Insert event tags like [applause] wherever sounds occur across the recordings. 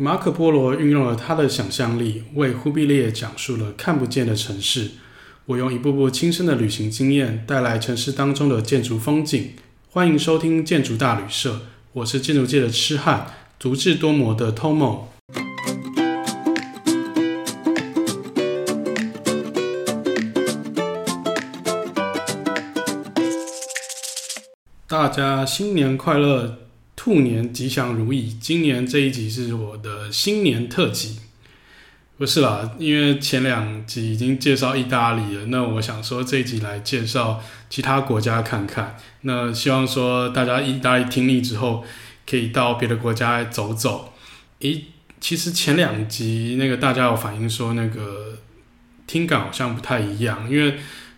馬可波羅運用了他的想象力，為忽必烈講述了看不見的城市。我用一步步親身的旅行經驗，帶來城市當中的建築風景。歡迎收聽《建築大旅社》，我是建築界的痴漢，足智多謀的 Tomo。大家新年快樂！兔年吉祥如意，今年這一集是我的新年特輯，不是啦，因為前兩集已經介紹意大利了，那我想說這一集來介紹其他國家看看，那希望說大家意大利聽膩之後，可以到別的國家來走走。咦、欸，其實前兩集那個大家有反映說那個聽感好像不太一樣，因為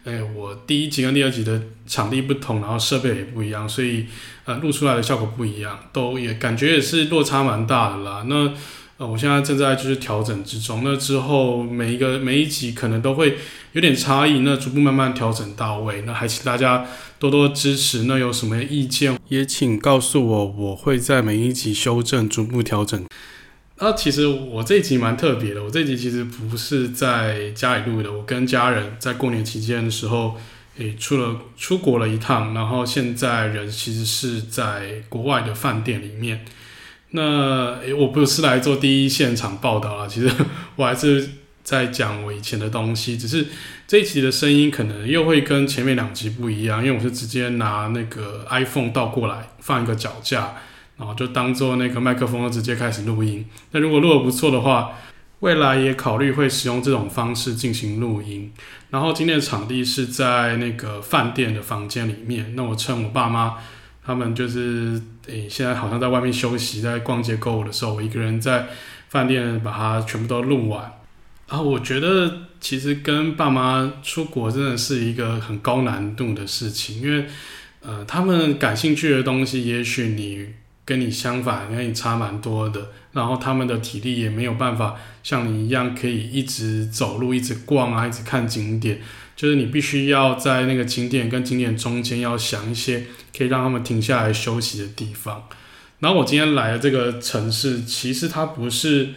哎、欸，我第一集跟第二集的。場地不同，然後設備也不一樣，所以呃錄出來的效果不一樣，都也感覺也是落差蠻大的啦。那呃我現在正在就是調整之中，那之後每一個每一集可能都會有點差異，那逐步慢慢調整到位。那還請大家多多支持，那有什麼意見也請告訴我，我會在每一集修正，逐步調整。那其實我這一集蠻特別的，我這一集其實不是在家裡錄的，我跟家人在過年期間的時候。誒，出了出國了一趟，然後現在人其實是在國外的飯店裡面。那我不是來做第一現場報道了，其實我還是在講我以前的東西，只是這一集的聲音可能又會跟前面兩集不一樣，因為我是直接拿那個 iPhone 倒過來放一個腳架，然後就當做那個麥克風，就直接開始錄音。那如果錄得不錯的話。未來也考慮會使用這種方式進行錄音。然後今天的場地是在那個飯店的房間裡面。那我趁我爸媽他們就是誒、欸，現在好像在外面休息，在逛街購物的時候，我一個人在飯店把它全部都錄完。啊，我覺得其實跟爸媽出國真的是一個很高難度的事情，因為呃，他們感興趣的東西，也許你。跟你相反，因為你差蠻多的。然後他們的體力也沒有辦法像你一樣可以一直走路、一直逛啊、一直看景點。就是你必須要在那個景點跟景點中間要想一些可以讓他們停下來休息的地方。然後我今天來的這個城市，其實它不是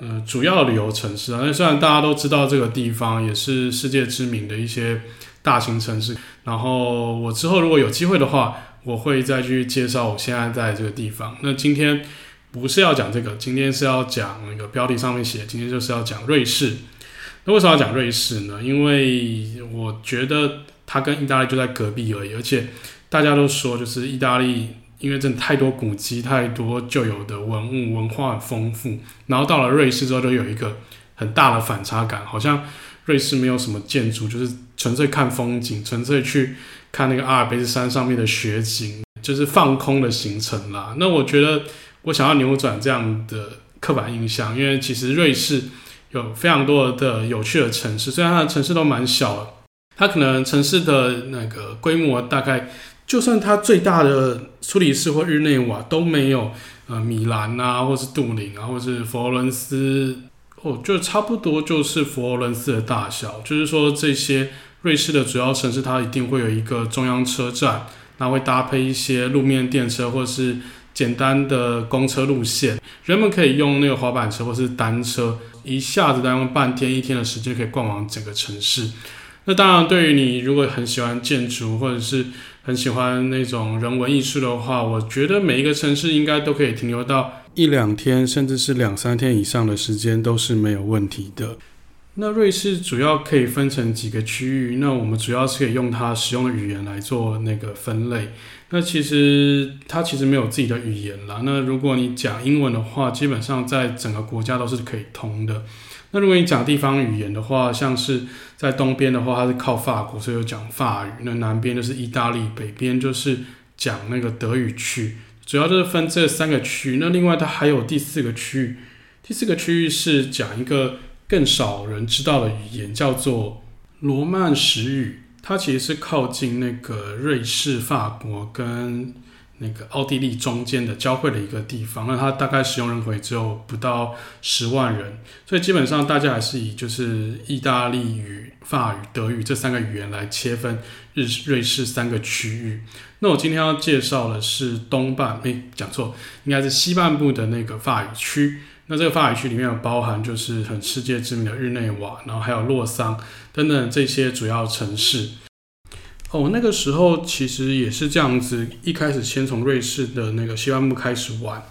呃主要旅遊城市啊。那雖然大家都知道這個地方也是世界知名的一些大型城市。然後我之後如果有機會的話。我會再去介紹我現在在這個地方。那今天不是要講這個，今天是要講那個標題上面寫，今天就是要講瑞士。那為什麼要講瑞士呢？因為我覺得它跟意大利就在隔壁而已，而且大家都說就是意大利，因為真的太多古蹟、太多舊有的文物、文化很豐富。然後到了瑞士之後，就有一個很大的反差感，好像瑞士沒有什麼建築，就是純粹看風景，純粹去。看那個阿爾卑斯山上面的雪景，就是放空的行程啦。那我覺得，我想要扭轉這樣的刻板印象，因為其實瑞士有非常多的有趣的城市，雖然它的城市都蠻小，它可能城市的那個規模大概，就算它最大的蘇黎世或日內瓦都沒有，呃，米蘭啊，或是杜林啊，或是佛羅倫斯，哦，就差不多就是佛羅倫斯的大小，就是說這些。瑞士的主要城市，它一定會有一個中央車站，那會搭配一些路面電車或是簡單的公車路線。人們可以用那個滑板車或是單車，一下子耽誤半天、一天的時間可以逛完整個城市。那當然，對於你如果很喜歡建築或者是很喜歡那種人文藝術的話，我覺得每一個城市應該都可以停留到一兩天，甚至是兩三天以上的時間都是沒有問題的。那瑞士主要可以分成幾個區域，那我們主要是可以用它使用的語言來做那個分類。那其實它其實沒有自己的語言啦，那如果你講英文的話，基本上在整個國家都是可以通的。那如果你講地方語言的話，像是在東邊的話，它是靠法國，所以有講法語；那南邊就是意大利，北邊就是講那個德語區，主要就是分這三個區。那另外它還有第四個區域，第四個區域是講一個。更少人知道的語言叫做羅曼什語，它其實是靠近那個瑞士、法國跟那個奧地利中間的交匯的一個地方，那它大概使用人口也只有不到十萬人，所以基本上大家還是以就是意大利語、法語、德語這三個語言來切分日瑞士三個區域。那我今天要介紹的是東半，哎、欸，講錯，應該是西半部的那個法語區。那這個法語區裡面有包含，就是很世界知名的日內瓦，然後還有洛桑等等這些主要城市。哦、oh，那個時候其實也是這樣子，一開始先從瑞士的那個西半部開始玩。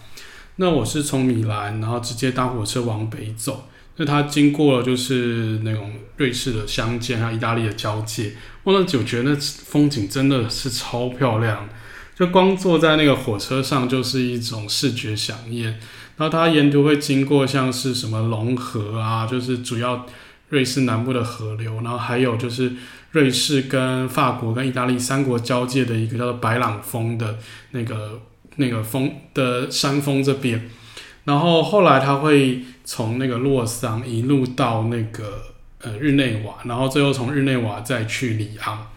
那我是從米蘭，然後直接搭火車往北走，那它經過了就是那種瑞士的鄉間還有意大利的交界。我那時覺得那風景真的是超漂亮，就光坐在那個火車上就是一種視覺饗宴。然後它沿途會經過像是什麼隆河啊，就是主要瑞士南部的河流，然後還有就是瑞士跟法國跟意大利三國交界的一個叫做白朗峰的那個那個峰的山峰這邊，然後後來它會從那個洛桑一路到那個呃日內瓦，然後最後從日內瓦再去里昂。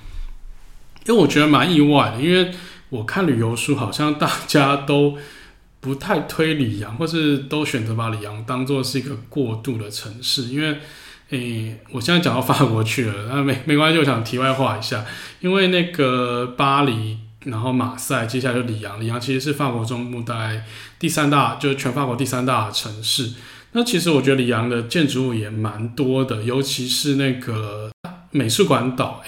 因為我覺得蠻意外的，因為我看旅遊書好像大家都。不太推里昂，或是都選擇把里昂當作是一個過渡的城市，因為誒、欸，我現在講到法國去了，那沒沒關係，我想題外話一下，因為那個巴黎，然後馬賽，接下來就里昂，里昂其實是法國中部大概第三大，就是全法國第三大的城市。那其實我覺得里昂的建築物也蠻多的，尤其是那個美術館島，因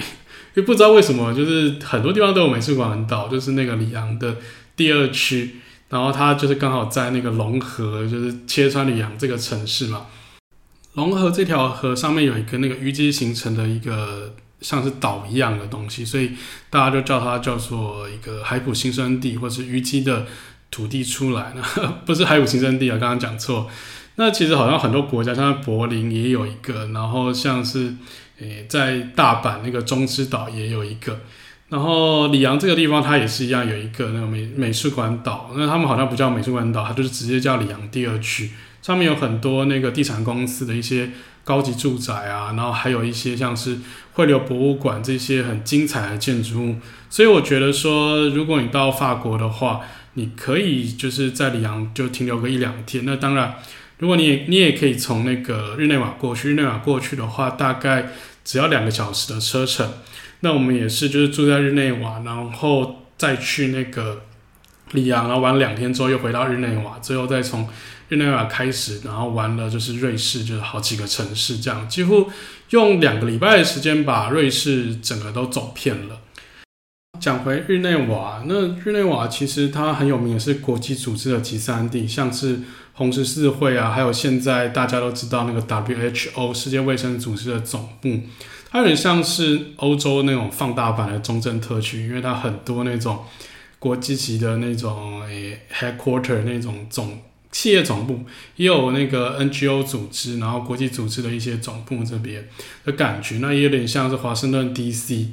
為不知道為什麼，就是很多地方都有美術館島，就是那個里昂的第二區。然後它就是剛好在那個隆河，就是切穿里昂這個城市嘛。隆河這條河上面有一個那個淤積形成的一個像是島一樣的東西，所以大家就叫它叫做一個海埔新生地，或是淤積的土地出來了。不是海埔新生地啊，剛剛講錯。那其實好像很多國家，像柏林也有一個，然後像是誒在大阪那個中之島也有一個。然後里昂這個地方，它也是一樣，有一個那個美美術館島，那他們好像不叫美術館島，它就是直接叫里昂第二區。上面有很多那個地產公司的一些高級住宅啊，然後還有一些像是匯流博物館這些很精彩的建築物。所以我覺得說，如果你到法國的話，你可以就是在里昂就停留個一兩天。那當然，如果你也你也可以從那個日內瓦過去，日內瓦過去的話，大概只要兩個小時的車程。那我們也是，就是住在日內瓦，然後再去那個里昂，然後玩兩天之後又回到日內瓦，最後再從日內瓦開始，然後玩了就是瑞士，就是好幾個城市這樣，幾乎用兩個禮拜的時間把瑞士整個都走遍了。講回日內瓦，那日內瓦其實它很有名的是國際組織的集散地，像是紅十字會啊，還有現在大家都知道那個 WHO，世界衛生組織的總部。它有點像是歐洲那種放大版的中正特區，因為它很多那種國際級的那種 headquarter 那種總企業總部，也有那個 NGO 組織，然後國際組織的一些總部這邊的感覺，那也有點像是華盛頓 DC。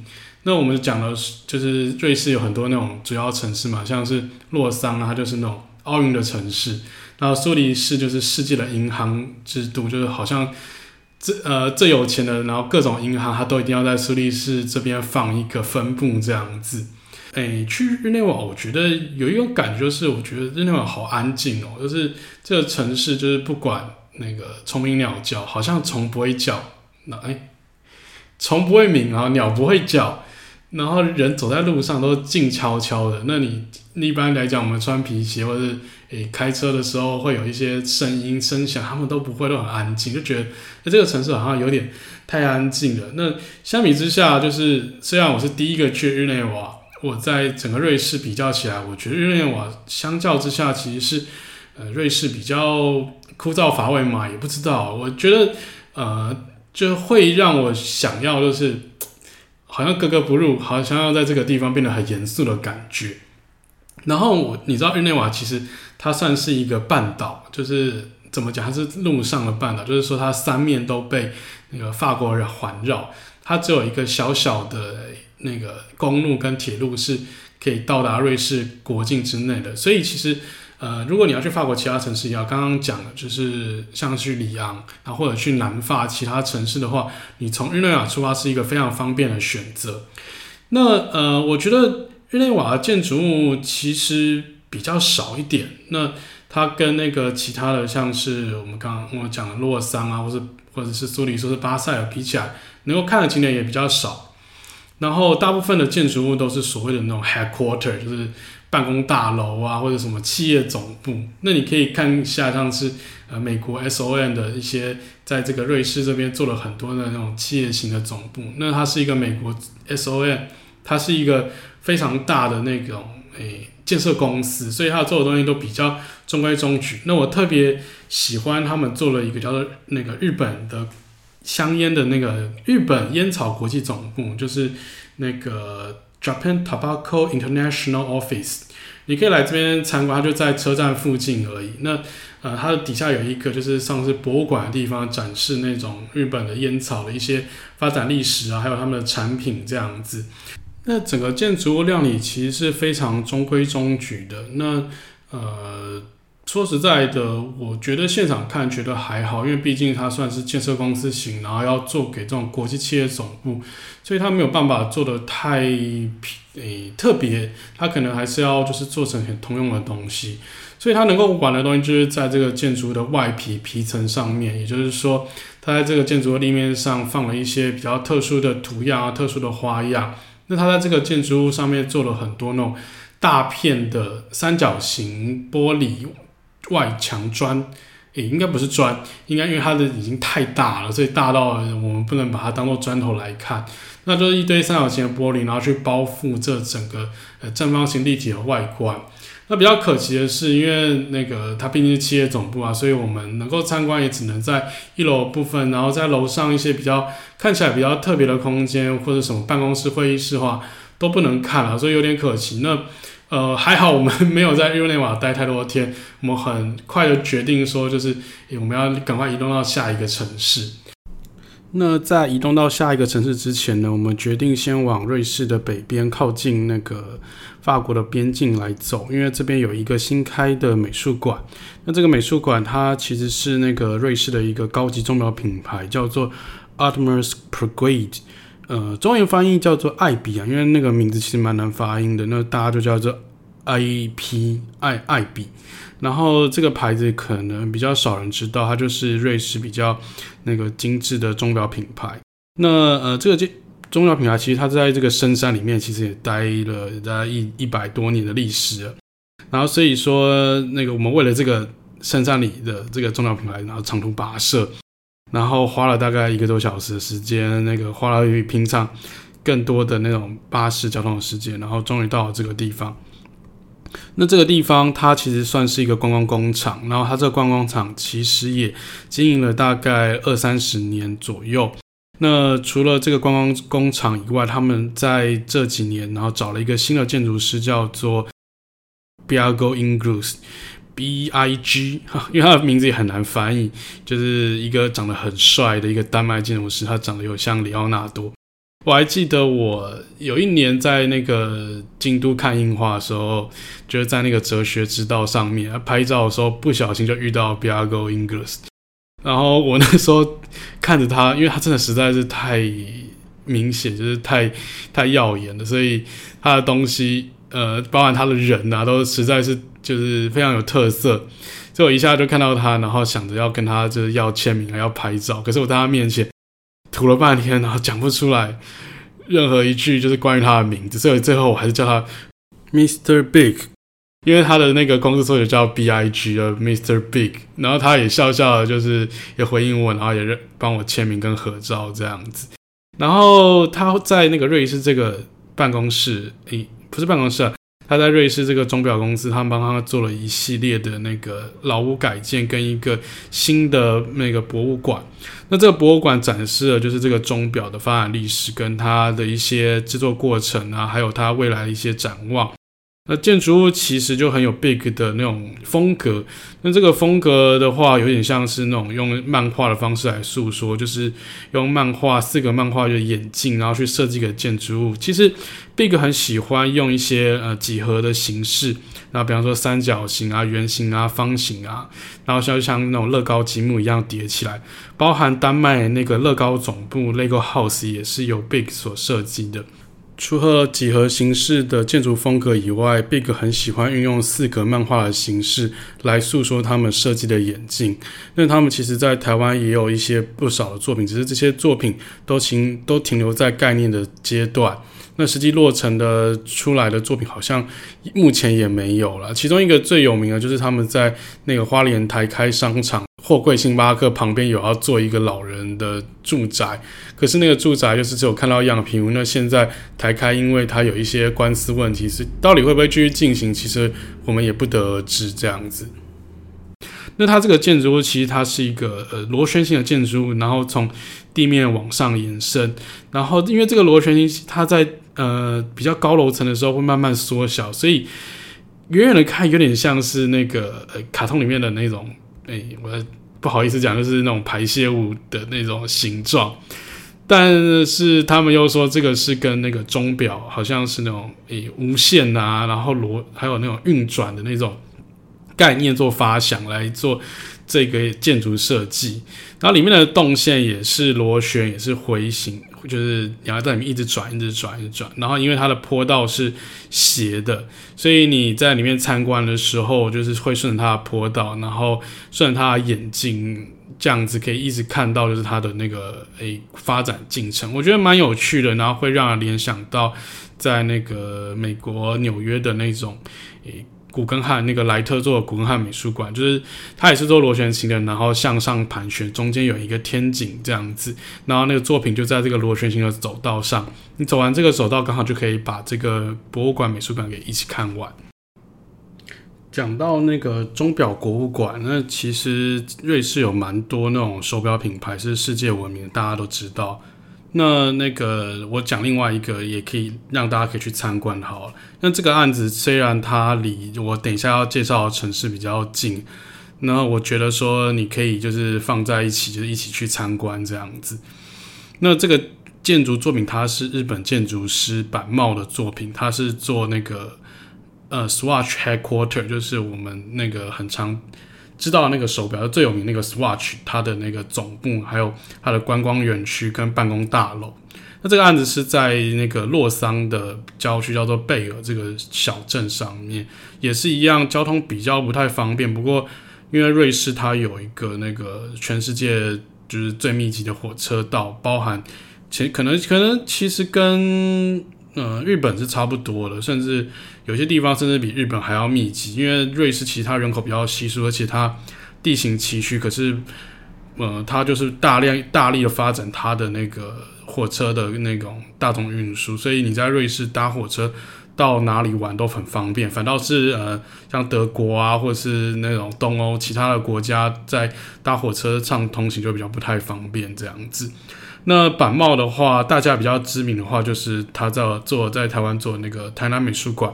那我們講的是就是瑞士有很多那種主要城市嘛，像是洛桑，啊，它就是那種奧運的城市，然後蘇黎世就是世界的銀行之都，就是好像。這呃，最有錢的，然後各種銀行，它都一定要在蘇黎世這邊放一個分部這樣子。哎，去日內瓦，我覺得有一種感覺，就是我覺得日內瓦好安靜哦，就是這個城市，就是不管那個蟲鳴鳥叫，好像蟲不會叫，那哎，蟲不會鳴啊，然後鳥不會叫，然後人走在路上都靜悄悄的。那你，你一般來講，我們穿皮鞋或是。誒，開車的時候會有一些聲音聲響，他們都不會都很安靜，就覺得那這個城市好像有點太安靜了。那相比之下，就是雖然我是第一個去日內瓦，我在整個瑞士比較起來，我覺得日內瓦相較之下其實是呃瑞士比較枯燥乏味嘛，也不知道，我覺得呃就會讓我想要就是好像格格不入，好像要在這個地方變得很嚴肅的感覺。然後我你知道日內瓦其實。它算是一個半島，就是怎麼講？它是陸上的半島，就是說它三面都被那個法國環繞，它只有一個小小的那個公路跟鐵路是可以到達瑞士國境之內的。所以其實，呃，如果你要去法國其他城市一樣，要剛剛講的就是像去里昂啊，或者去南法其他城市的話，你從日內瓦出發是一個非常方便的選擇。那呃，我覺得日內瓦的建築物其實。比較少一點，那它跟那個其他的，像是我們剛剛我講的洛桑啊，或者或者是蘇黎世是巴塞爾比起來，能夠看的景點也比較少。然後大部分的建築物都是所謂的那種 headquarter，就是辦公大樓啊，或者什麼企業總部。那你可以看一下像是呃美國 SOM 的一些在這個瑞士這邊做了很多的那種企業型的總部。那它是一個美國 SOM，它是一個非常大的那種誒。欸建設公司，所以他做的東西都比較中規中矩。那我特別喜歡他們做了一個叫做那個日本的香菸的那個日本菸草國際總部，就是那個 Japan Tobacco International Office。你可以來這邊參觀，它就在車站附近而已。那呃，它的底下有一個就是像是博物館的地方，展示那種日本的菸草的一些發展歷史啊，還有他們的產品這樣子。那整個建築物量體其實是非常中規中矩的。那呃，說實在的，我覺得現場看覺得還好，因為畢竟它算是建設公司型，然後要做給這種國際企業總部，所以它沒有辦法做得太誒、欸、特別，它可能還是要就是做成很通用的東西，所以它能夠管的東西就是在這個建築的外皮皮層上面，也就是說，它在這個建築的立面上放了一些比較特殊的圖樣啊、特殊的花樣。那它在這個建築物上面做了很多那種大片的三角形玻璃外牆磚，誒、欸，應該不是磚，應該因為它的已經太大了，所以大到我們不能把它當做磚頭來看。那就是一堆三角形的玻璃，然後去包覆這整個呃正方形立體的外觀。那比較可惜的是，因為那個它畢竟是企業總部啊，所以我們能夠參觀也只能在一樓部分，然後在樓上一些比較看起來比較特別的空間或者什麼辦公室會議室的話都不能看了啊，所以有點可惜。那呃還好，我們沒有在日內瓦待太多的天，我們很快的決定說就是、欸、我們要趕快移動到下一個城市。那在移動到下一個城市之前呢，我們決定先往瑞士的北邊，靠近那個法國的邊境來走，因為這邊有一個新開的美術館。那這個美術館它其實是那個瑞士的一個高級鐘錶品牌，叫做 Audemars Piguet，呃，中文翻譯叫做愛彼啊，因為那個名字其實蠻難發音的，那大家就叫做 I P 愛愛彼。然後這個牌子可能比較少人知道，它就是瑞士比較那個精緻的鐘錶品牌。那呃，這個就鐘錶品牌其實它在這個深山裡面，其實也待了大概一一百多年的歷史了。然後所以說，那個我們為了這個深山裡的這個鐘錶品牌，然後長途跋涉，然後花了大概一個多小時的時間，那個花了比平常更多的那種巴士交通的時間，然後終於到了這個地方。那這個地方它其實算是一個觀光工廠，然後它這個觀光廠其實也經營了大概二三十年左右。那除了這個觀光工廠以外，他們在這幾年，然後找了一個新的建築師，叫做 Bjarke Ingels, b i a g o Ingels，B I G，因為他的名字也很難翻譯，就是一個長得很帥的一個丹麥建築師，他長得有像李奧納多。我還記得我有一年在那個京都看櫻花的時候，就是在那個哲學之道上面拍照的時候，不小心就遇到 Bjarke Ingels。然後我那時候看着他，因為他真的實在是太明顯，就是太太耀眼了，所以他的東西，呃，包含他的人吶、啊，都實在是就是非常有特色。所以我一下就看到他，然後想着要跟他就是要簽名，還要拍照。可是我在他面前。吐了半天，然後講不出來任何一句，就是關於他的名字，所以最後我還是叫他 Mr. Big，因為他的那個公司縮寫也叫 B I G 的 Mr. Big，然後他也笑笑的，就是也回應我，然後也幫我簽名跟合照這樣子。然後他在那個瑞士這個辦公室，誒，不是辦公室。啊，他在瑞士這個鐘錶公司，他們幫他做了一系列的那個老屋改建跟一個新的那個博物館。那這個博物館展示了就是這個鐘錶的發展歷史，跟他的一些制作過程啊，還有他未來的一些展望。那建築物其實就很有 Big 的那種風格。那這個風格的話，有點像是那種用漫畫的方式來訴說，就是用漫畫四格漫畫的眼鏡，然後去設計一個建築物。其實 Big 很喜歡用一些呃幾何的形式，那比方說三角形啊、圓形啊、方形啊，然後像像那種樂高積木一樣疊起來。包含丹麥那個樂高總部 Lego House 也是由 Big 所設計的。除了幾何形式的建築風格以外，BIG 很喜歡運用四格漫畫的形式來訴說他們設計的演進。那他們其實在台灣也有一些不少的作品，只是這些作品都停都停留在概念的階段。那實際落成的出來的作品好像目前也沒有了。其中一個最有名的，就是他們在那個花蓮台開商場貨櫃星巴克旁邊有要做一個老人的住宅，可是，那個住宅就是只有看到樣品。那現在台開，因為它有一些官司問題，是到底會不會繼續進行，其實我們也不得而知。這樣子。那它這個建築物其實它是一個呃螺旋形的建築物，然後從地面往上延伸，然後因為這個螺旋形，它在呃，比較高樓層的時候會慢慢縮小，所以遠遠的看有點像是那個呃，卡通裡面的那種。哎、欸，我不好意思講，就是那種排泄物的那種形狀。但是他們又說這個是跟那個鐘錶，好像是那種誒、欸，無限啊，然後螺還有那種運轉的那種概念做發想來做這個建築設計。然後裡面的動線也是螺旋，也是回形。就是然後在裡面一直轉，一直轉，一直轉。然後因為它的坡道是斜的，所以你在裡面參觀的時候，就是會順着它的坡道，然後順着它的眼睛這樣子，可以一直看到就是它的那個誒、欸、發展進程。我覺得蠻有趣的，然後會讓人聯想到在那個美國紐約的那種誒。欸古根漢那個萊特做的古根漢美術館，就是它也是做螺旋形的，然後向上盤旋，中間有一個天井這樣子，然後那個作品就在這個螺旋形的走道上。你走完這個走道，剛好就可以把這個博物館美術館給一起看完。講到那個鐘錶博物館，那其實瑞士有蠻多那種手錶品牌是世界聞名，大家都知道。那那個我講另外一個也可以讓大家可以去參觀，好，那這個案子雖然它離我等一下要介紹的城市比較近，那我覺得說你可以就是放在一起，就是一起去參觀這樣子。那這個建築作品它是日本建築師坂茂的作品，它是做那個呃 Swatch Headquarter，就是我們那個很長知道那個手錶，最有名那個 Swatch，它的那個總部，還有它的觀光園區跟辦公大樓。那這個案子是在那個洛桑的郊區，叫做貝爾這個小鎮上面，也是一樣，交通比較不太方便。不過，因為瑞士它有一個那個全世界就是最密集的火車道，包含其實可能可能其實跟。呃，日本是差不多的，甚至有些地方甚至比日本還要密集，因為瑞士其他人口比較稀疏，而且它地形崎嶇，可是呃，它就是大量大力的發展它的那個火車的那種大眾運輸，所以你在瑞士搭火車，到哪裡玩都很方便，反倒是呃像德國啊，或者是那種東歐其他的國家，在搭火車上通行就比較不太方便這樣子。那坂茂的話，大家比較知名的話，就是他在做在台灣做那個台南美術館，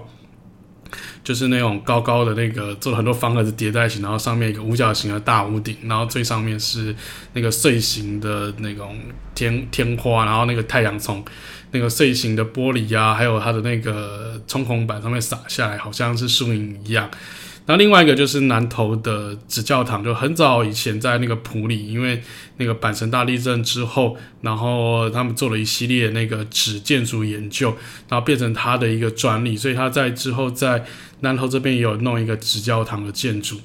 就是那種高高的那個，做了很多方盒子疊在一起，然後上面一個五角形的大屋頂，然後最上面是那個碎形的那種天天花，然後那個太陽從。那個碎形的玻璃啊，還有它的那個衝孔板上面撒下來，好像是樹影一樣。那另外一個就是南投的紙教堂，就很早以前在那個埔里，因為那個阪神大地震之後，然後他們做了一系列那個紙建築研究，然後變成他的一個專利，所以他在之後在南投這邊也有弄一個紙教堂的建築。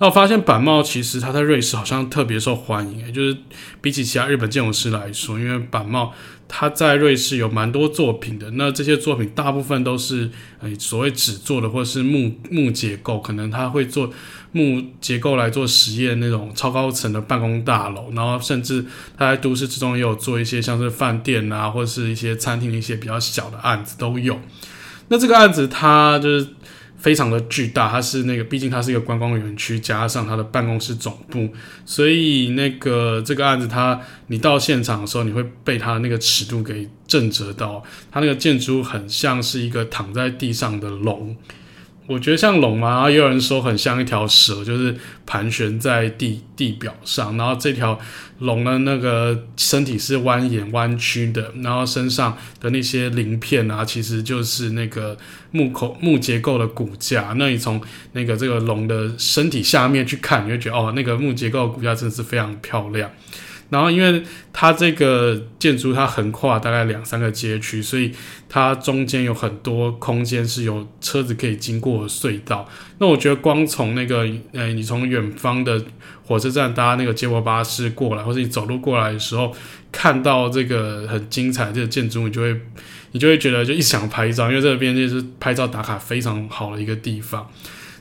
那我發現坂茂其實他在瑞士好像特別受歡迎、欸，就是比起其他日本建築師來說，因為坂茂。他在瑞士有蠻多作品的，那這些作品大部分都是誒所謂紙做的，或者是木木結構，可能他會做木結構來做實驗那種超高層的辦公大樓，然後甚至他在都市之中也有做一些像是飯店啊，或者是一些餐廳的一些比較小的案子都有。那這個案子他就是。非常的巨大，它是那個，畢竟它是一個觀光園區，加上它的辦公室總部，所以那個這個案子它，它你到現場的時候，你會被它那個尺度給震懾到，它那個建築很像是一個躺在地上的龍。我覺得像龍啊，然後又有人說很像一條蛇，就是盤旋在地地表上。然後這條龍的那個身體是蜿蜒彎曲的，然後身上的那些鱗片啊，其實就是那個木口木結構的骨架。那你從那個這個龍的身體下面去看，你會覺得哦，那個木結構的骨架真的是非常漂亮。然後，因為它這個建築它橫跨大概兩三個街區，所以它中間有很多空間是有車子可以經過的隧道。那我覺得，光從那個、哎，你從遠方的火車站搭那個接駁巴士過來，或者你走路過來的時候，看到這個很精彩的這個建築，你就會你就會覺得就一想拍照，因為這邊就是拍照打卡非常好的一個地方。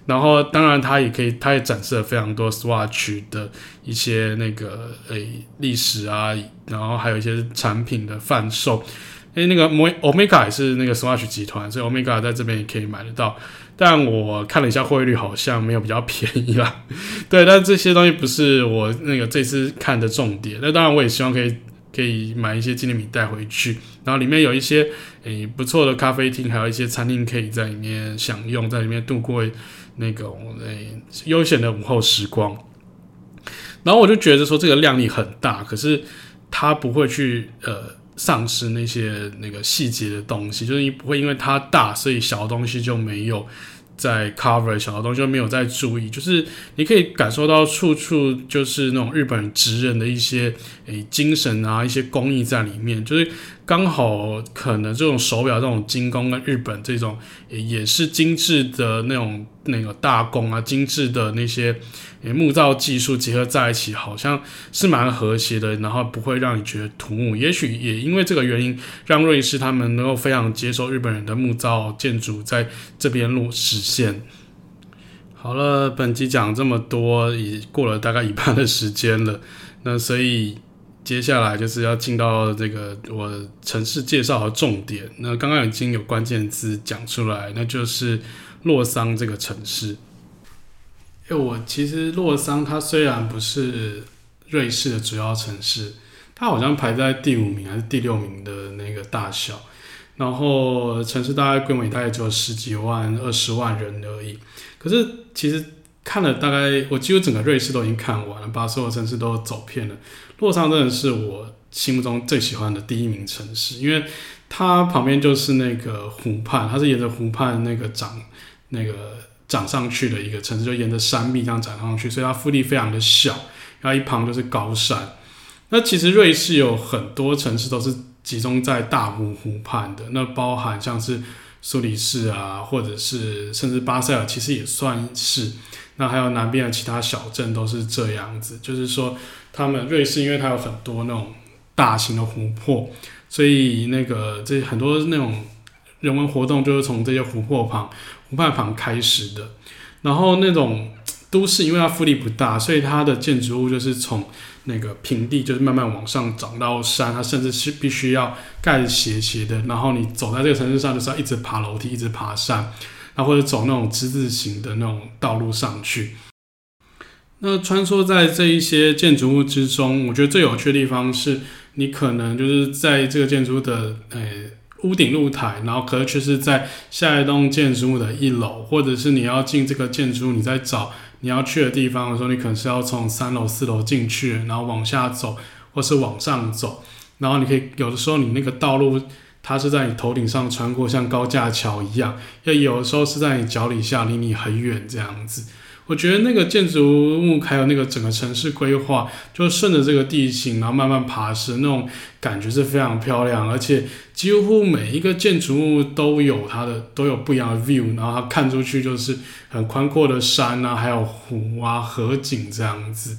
然後，當然，它也可以，它也展示了非常多 Swatch 的一些那個誒歷史啊，然後還有一些產品的販售。誒，那個 m 歐米 a 也是那個 Swatch 集團，所以歐米 a 在這邊也可以買得到。但我看了一下匯率，好像沒有比較便宜啦。對，但這些東西不是我那個這次看的重點。那當然，我也希望可以可以買一些紀念品帶回去。然後裡面有一些。誒，不錯的咖啡廳，還有一些餐廳可以在裡面享用，在裡面度過那種誒悠閒的午後時光。然後我就覺得說，這個量力很大，可是它不會去呃喪失那些那個細節的東西，就是你不會因為它大，所以小的東西就沒有在 cover，小的東西就沒有在注意，就是你可以感受到處處就是那種日本職人的一些誒精神啊，一些工藝在裡面，就是。剛好可能這種手表，這種精工跟日本這種也是精致的那種那個大工啊，精致的那些木造技術結合在一起，好像是蠻和諧的，然後不會讓你覺得突兀。也許也因為這個原因，讓瑞士他們能夠非常接受日本人的木造建築在這邊落實現。好了，本集講這麼多，也過了大概一半的時間了，那所以。接下來就是要進到這個我城市介紹的重點。那剛剛已經有關鍵字講出來，那就是洛桑這個城市。因、欸、為我其實洛桑它雖然不是瑞士的主要城市，它好像排在第五名還是第六名的那個大小，然後城市大概規模大概只有十幾萬、二十萬人而已。可是其實。看了大概，我幾乎整個瑞士都已經看完了，把所有的城市都走遍了。洛桑真的是我心目中最喜歡的第一名城市，因為它旁邊就是那個湖畔，它是沿着湖畔那個長那個長上去的一個城市，就沿着山壁這樣長上去，所以它腹地非常的小，然後一旁就是高山。那其實瑞士有很多城市都是集中在大湖湖畔的，那包含像是蘇黎世啊，或者是甚至巴塞爾，其實也算是。那還有南邊的其他小鎮都是這樣子，就是說，他們瑞士因為它有很多那種大型的湖泊，所以那個這很多那種人文活動就是從這些湖泊旁、湖畔旁開始的。然後那種都市，因為它腹地不大，所以它的建築物就是從那個平地就是慢慢往上漲到山，它甚至是必須要蓋斜斜的。然後你走在這個城市上的時候，一直爬樓梯，一直爬山。啊，或者走那種之字形的那種道路上去。那穿梭在這一些建築物之中，我覺得最有趣的地方是，你可能就是在這個建築的呃屋頂露台，然後可能卻是在下一棟建築物的一樓，或者是你要進這個建築，你在找你要去的地方的時候，你可能是要從三樓四樓進去，然後往下走，或是往上走，然後你可以有的時候你那個道路。它是在你頭頂上穿過，像高架橋一樣；也有的時候是在你腳底下，離你很遠這樣子。我覺得那個建築物，還有那個整個城市規劃，就順着這個地形，然後慢慢爬升，那種感覺是非常漂亮，而且幾乎每一個建築物都有它的都有不一樣的 view，然後它看出去就是很寬闊的山啊，還有湖啊、河景這樣子。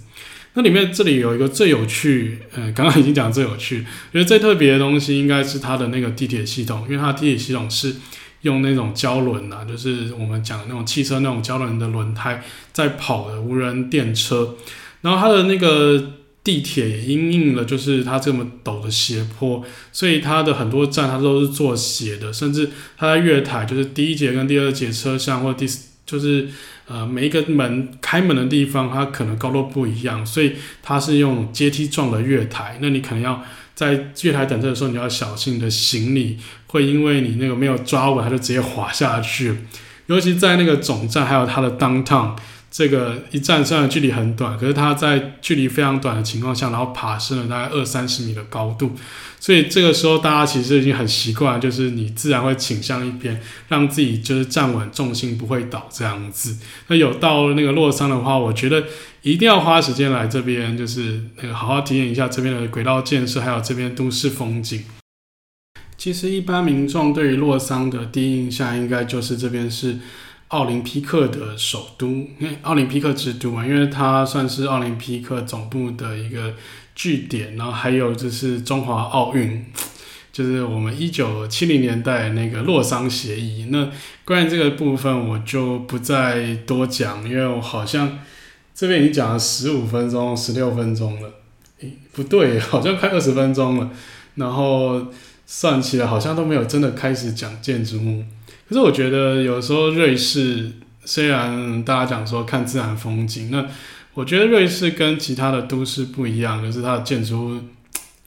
那裡面這裡有一個最有趣，呃，剛剛已經講最有趣，因為最特別的東西應該是它的那個地鐵系統，因為它的地鐵系統是用那種膠輪吶，就是我們講那種汽車那種膠輪的輪胎在跑的無人電車，然後它的那個地鐵也因應了就是它這麼陡的斜坡，所以它的很多站它都是做斜的，甚至它在月台就是第一節跟第二節車廂或第四。就是呃，每一個門開門的地方，它可能高度不一樣，所以它是用階梯狀的月台。那你可能要在月台等車的時候，你要小心你的行李會因為你那個沒有抓穩，它就直接滑下去。尤其在那個總站，還有它的 downtown。這個一站上的距離很短，可是它在距離非常短的情況下，然後爬升了大概二三十米的高度，所以這個時候大家其實已經很習慣，就是你自然會傾向一邊，讓自己就是站穩，重心不會倒這樣子。那有到那個洛桑的話，我覺得一定要花時間來這邊，就是那個好好體驗一下這邊的軌道建設，還有這邊都市風景。其實一般民眾對於洛桑的第一印象，應該就是這邊是。奧林匹克的首都，因為奧林匹克之都嘛，因為它算是奧林匹克總部的一個據點。然後還有就是中華奧運，就是我們一九七零年代那個洛桑協議。那關於這個部分，我就不再多講，因為我好像這邊已經講了十五分鐘、十六分鐘了。哎，不對，好像快二十分鐘了。然後算起來，好像都沒有真的開始講建築物。可是我覺得有時候瑞士雖然大家講說看自然風景，那我覺得瑞士跟其他的都市不一樣，就是它的建築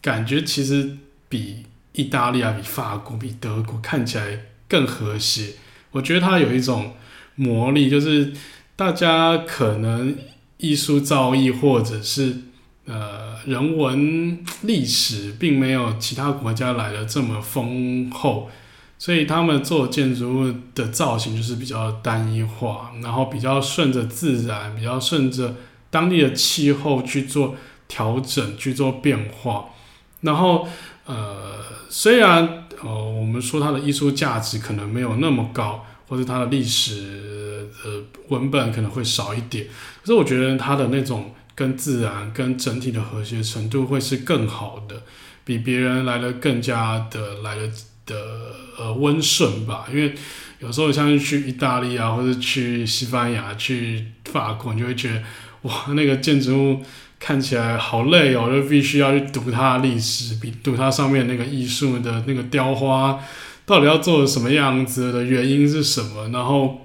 感覺其實比意大利亞，比法國、比德國看起來更和諧。我覺得它有一種魔力，就是大家可能藝術造詣或者是呃人文歷史，並沒有其他國家來得這麼豐厚。所以他們做建築物的造型就是比較單一化，然後比較順着自然，比較順着當地的氣候去做調整、去做變化。然後，呃，雖然呃我們說它的藝術價值可能沒有那麼高，或者它的歷史呃文本可能會少一點，可是我覺得它的那種跟自然、跟整體的和諧程度會是更好的，比別人來得更加的來得。的呃溫順吧，因為有時候像是去意大利啊，或者去西班牙、去法國，你就會覺得哇，那個建築物看起來好累哦，就必須要去讀它歷史，比讀它上面那個藝術的那個雕花到底要做的什麼樣子的原因是什麼。然後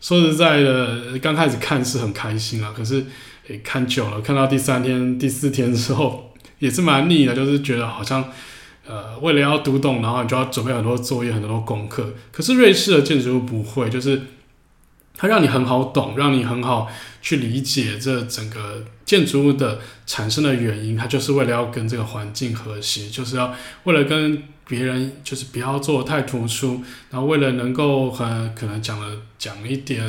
說實在的，剛開始看是很開心啊，可是誒，看久了，看到第三天、第四天之後，也是蠻膩的，就是覺得好像。呃，為了要讀懂，然後你就要準備很多作業，很多功課。可是瑞士的建築物不會，就是它讓你很好懂，讓你很好去理解這整個建築物的產生的原因。它就是為了要跟這個環境和諧，就是要為了跟別人就是不要做太突出。然後為了能夠很可能講了講了一點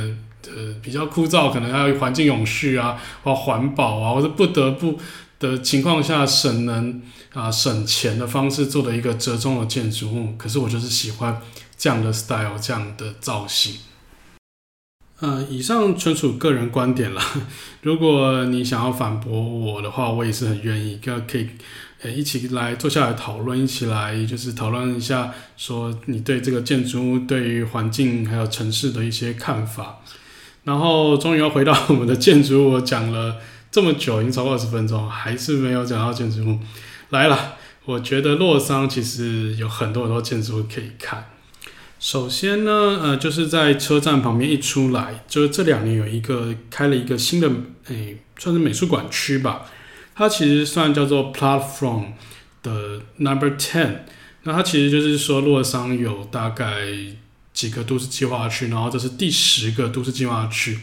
呃比較枯燥，可能要環境永續啊，或環保啊，或者不得不的情況下省能。啊，省錢的方式做的一個折中的建築物，可是我就是喜歡這樣的 style，這樣的造型。呃，以上純屬個人觀點啦。如果你想要反駁我的話，我也是很願意，要可以，欸、一起來坐下來討論，一起來就是討論一下，說你對這個建築物，對於環境還有城市的一些看法。然後，終於要回到我們的建築物，我講了這麼久，已經超過二十分鐘，還是沒有講到建築物。來了，我覺得洛桑其實有很多很多建築可以看。首先呢，呃，就是在車站旁邊一出來，就是這兩年有一個開了一個新的，誒，算是美術館區吧。它其實算叫做 Platform 的 Number Ten。那它其實就是說洛桑有大概幾個都市計劃區，然後這是第十個都市計劃區。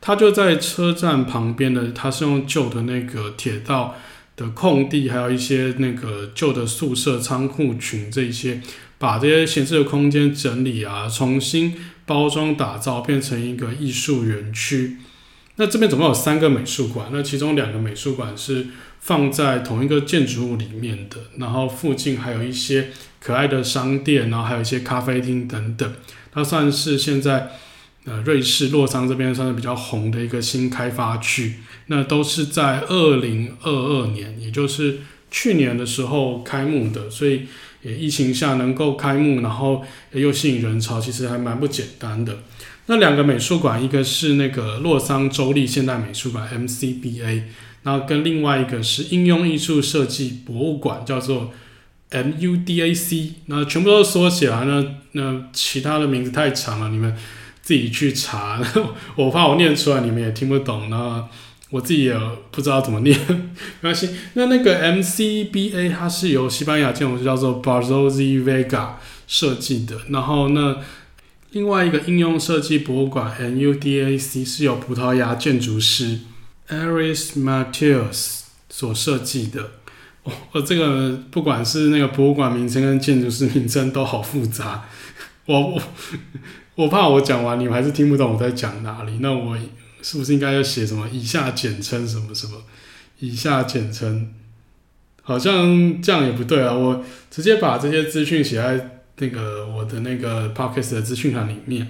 它就在車站旁邊的，它是用舊的那個鐵道的空地，還有一些那個舊的宿舍、倉庫群這一些，把這些閒置的空間整理啊，重新包裝打造，變成一個藝術園區。那這邊總共有三個美術館，那其中兩個美術館是放在同一個建築物裡面的，然後附近還有一些可愛的商店，然後還有一些咖啡廳等等。它算是現在呃，瑞士洛桑這邊算是比較紅的一個新開發區。那都是在二零二二年，也就是去年的時候開幕的，所以也疫情下能夠開幕，然後又吸引人潮，其實還蠻不簡單的。那兩個美術館，一個是那個洛桑州立現代美術館 （MCBA），然後跟另外一個是應用藝術設計博物館，叫做 MUDAC。那全部都說起來呢，那其他的名字太長了，你們自己去查。 [laughs] 我怕我念出來你們也聽不懂，那。我自己也不知道怎麼念，呵呵，沒關係。那那個 MCBA 它是由西班牙建築師叫做 Barozzi Veiga 設計的，然後那另外一個應用設計博物館 MUDAC 是由葡萄牙建築師 Aires Mateus 所設計的我。我這個不管是那個博物館名稱跟建築師名稱都好複雜，我我，我怕我講完你們還是聽不懂我在講哪裡，那我。是不是應該要寫什麼？以下簡稱什麼什麼？以下簡稱好像這樣也不對啊！我直接把這些資訊寫在那個我的那個 podcast 的資訊欄裡面。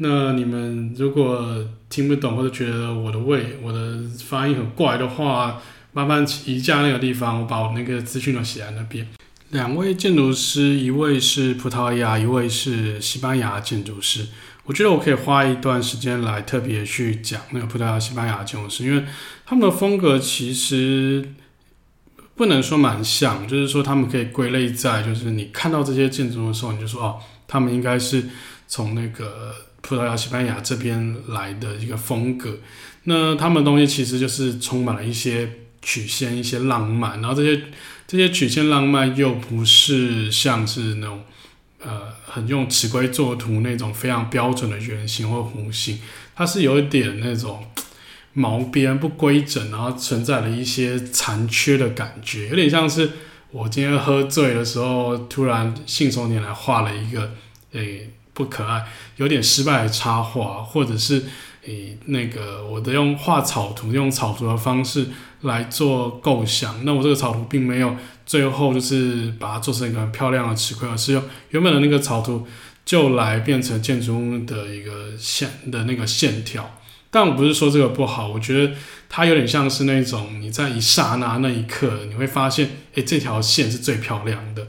那你們如果聽不懂或者覺得我的味、我的發音很怪的話，麻煩移駕那個地方，我把我那個資訊都寫在那邊。兩位建築師，一位是葡萄牙，一位是西班牙建築師。我覺得我可以花一段時間來特別去講那個葡萄牙、西班牙的建築，是因為他們的風格其實不能說蠻像，就是說他們可以歸類在，就是你看到這些建築的時候，你就說哦，他們應該是從那個葡萄牙、西班牙這邊來的一個風格。那他們的東西其實就是充滿了一些曲線、一些浪漫，然後這些這些曲線、浪漫又不是像是那種呃。很用尺規作圖那種非常標準的圓形或弧形，它是有一點那種毛邊不規整，然後存在了一些殘缺的感覺，有點像是我今天喝醉的時候，突然信手拈來畫了一個誒、欸、不可愛、有點失敗的插畫，或者是。你那個，我的用畫草圖，用草圖的方式來做構想。那我這個草圖並沒有最後就是把它做成一個很漂亮的、吃虧，而是用原本的那個草圖就來變成建築物的一個線的那個線條。但我不是說這個不好，我覺得它有點像是那種你在一剎那那一刻，你會發現，哎、欸，這條線是最漂亮的。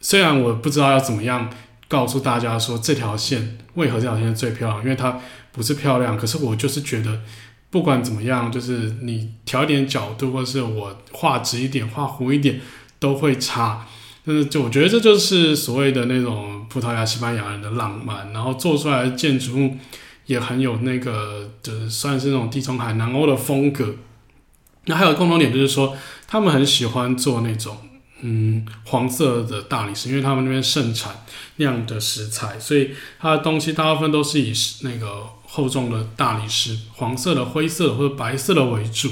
雖然我不知道要怎麼樣。告訴大家說，這條線為何這條線最漂亮？因為它不是漂亮，可是我就是覺得，不管怎麼樣，就是你調一點角度，或者是我畫直一點、畫弧一點都會差。嗯，就我覺得這就是所謂的那種葡萄牙、西班牙人的浪漫，然後做出來的建築物，也很有那個，就是算是那種地中海、南歐的風格。那還有共同點就是說，他們很喜歡做那種。嗯，黃色的大理石，因為他們那邊盛產那樣的石材，所以它的東西大,大部分都是以那個厚重的大理石、黃色的、灰色或者白色的為主。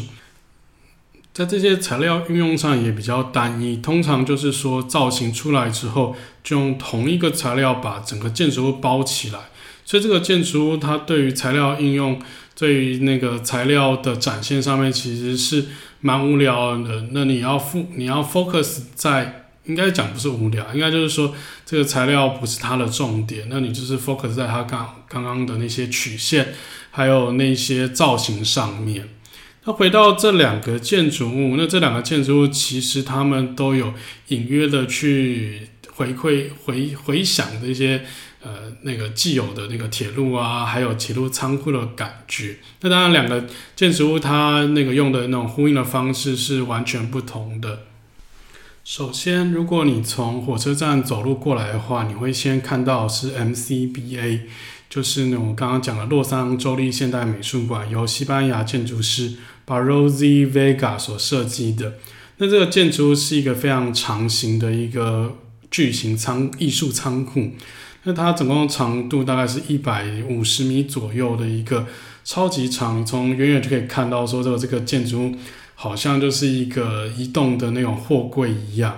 在這些材料運用上也比較單一，通常就是說造型出來之後，就用同一個材料把整個建築物包起來。所以這個建築物它對於材料應用。對於那個材料的展現上面，其實是蠻無聊的，那你要，focus，你要 focus 在，應該講不是無聊，應該就是說這個材料不是它的重點。那你就是 focus 在它剛剛剛的那些曲線，還有那些造型上面。那回到這兩個建築物，那這兩個建築物其實它們都有隱約的去。回饋回回響的一些呃那個既有的那個鐵路啊，還有鐵路倉庫的感覺。那當然，兩個建築物它那個用的那種呼應的方式是完全不同的。首先，如果你從火車站走路過來的話，你會先看到是 MCBA，就是那我剛剛講的洛桑州立現代美術館，由西班牙建築師 Barozzi Veiga 所設計的。那這個建築物是一個非常長形的一個。巨型倉藝術倉庫，那它總共長度大概是一百五十米左右的一個超級長，從遠遠就可以看到，說這個這個建築物好像就是一個移動的那種貨櫃一樣。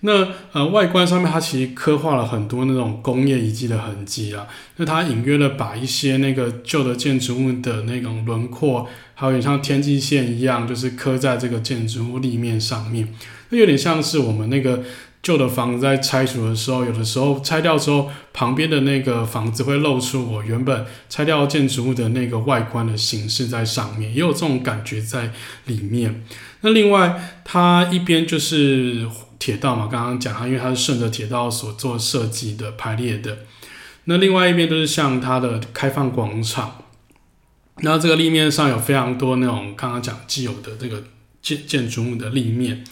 那呃，外觀上面它其實刻畫了很多那種工業遺跡的痕跡啊。那它隱約的把一些那個舊的建築物的那種輪廓，還有點像天際線一樣，就是刻在這個建築物立面上面。那有點像是我們那個。舊的房子在拆除的時候，有的時候拆掉之後，旁邊的那個房子會露出我原本拆掉建築物的那個外觀的形式在上面，也有這種感覺在裡面。那另外，它一邊就是鐵道嘛，剛剛講它，因為它是順着鐵道所做設計的排列的。那另外一邊就是像它的開放廣場，那這個立面上有非常多那種剛剛講既有的這個建建築物的立面。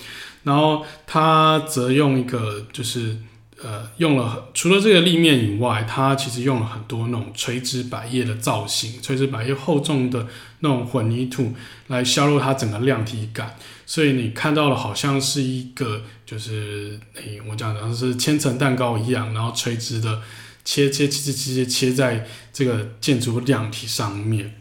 然後他則用一個，就是呃，用了除了這個立面以外，他其實用了很多那種垂直百葉的造型，垂直百葉厚重的那種混凝土來削弱它整個量體感。所以你看到了，好像是一個，就是誒，我講的是千層蛋糕一樣，然後垂直的切切切切切切切在這個建築量體上面。